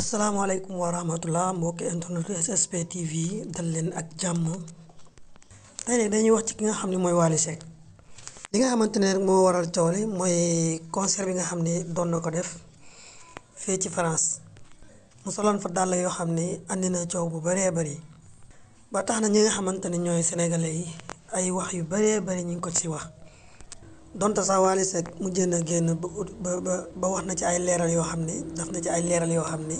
asalaamaaleykum wa rahmatullah mbokk internet SSP TV dal leen ak jàmm tey dañuy wax ci ki nga xam ni mooy Wally Seck li nga xamante ne moo waral coow mooy concert bi nga xam ne doon na ko def fee ci France mu soloon fa dàll yoo xam ne andi na coow bu bëree bëri ba tax na ñi nga xamante ne ñooy sénégalais yi ay wax yu bëree bëri ñu ngi ko ci wax dont sax Wally Seck mu jën a génn ba ba ba wax na ci ay leeral yoo xam ne daf na ci ay leeral yoo xam ne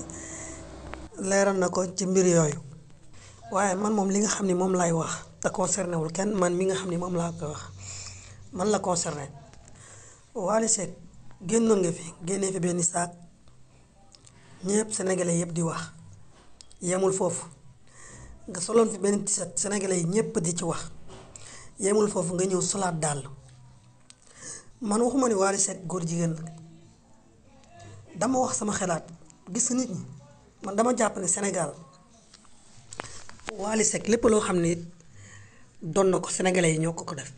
leeral na ko ci mbir yooyu waaye man moom li nga xam ne moom laay wax te concerné wul kenn man mi nga xam ni moom laa ko wax man la concerné Wally Seck génnoon nga fi génnee fi benn saak ñëpp sénégalais yëpp di wax yemul foofu nga soloon fi benn tiset sénégalais yi ñëpp di ci wax yemul foofu nga ñëw solaat dàll man waxuma ni Wally Seck góor jigéen la dama wax sama xalaat gis nit ñi man dama jàpp ne Sénégal Wally Seck lépp loo xam ne doon na ko sénégalais yi ñoo ko ko def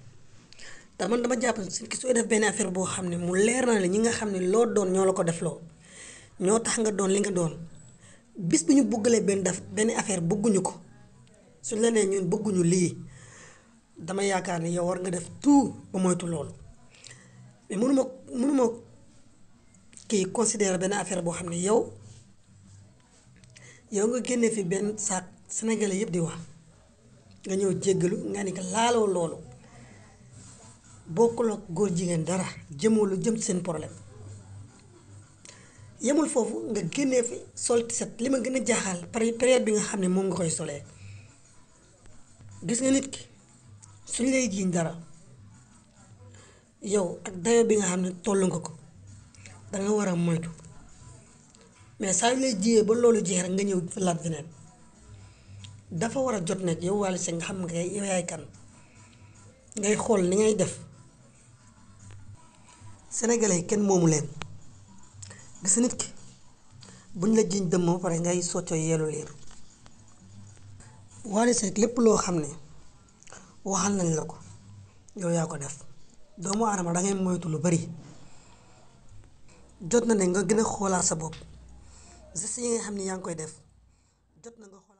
te man dama jàpp ne ki sooy def benn affaire boo xam ne mu leer na la ñi nga xam ne loo doon ñoo la ko def loo ñoo tax nga doon li nga doon bis bu ñu buggalee benn def benn affaire bëgguñu ko su la nee ñun bëgguñu lii dama yaakaar ni yow war nga def tout ba moytu loolu. mais mënuma kii considérer benn affaire boo xam ne yow yow nga génne fi benn saak sénégalais yëpp di wax nga ñëw jéggalu nga ni ko laaloo loolu bokkul ak góor jigéen dara jëmoo lu jëm seen problème yemul foofu nga génne fi sol set li ma gën a jaaxal période bi nga xam ne moom nga koy soleek gis nga nit ki suñ lay jiiñ dara yow ak dayoo bi nga xam ne toll nga ko danga war a moytu mais saa yu lay jiyee ba loolu jeex rek nga ñëw laaj beneen dafa war a jot nag yow Wally Seck nga xam nga koy yaay kan ngay xool ni ngay def sénégalais kenn moomu leen gis nit ki buñ la jiiñ dëmm ba pare ngay socco yeelu liir Wally Seck lépp loo xam ne waxal nañ la ko yow yaa ko def doomu aadama dangay moytu lu bari jot na ne nga gën a xoolaat sa bopp gestes yi nga xam ne yaa ngi koy def jot na nga xool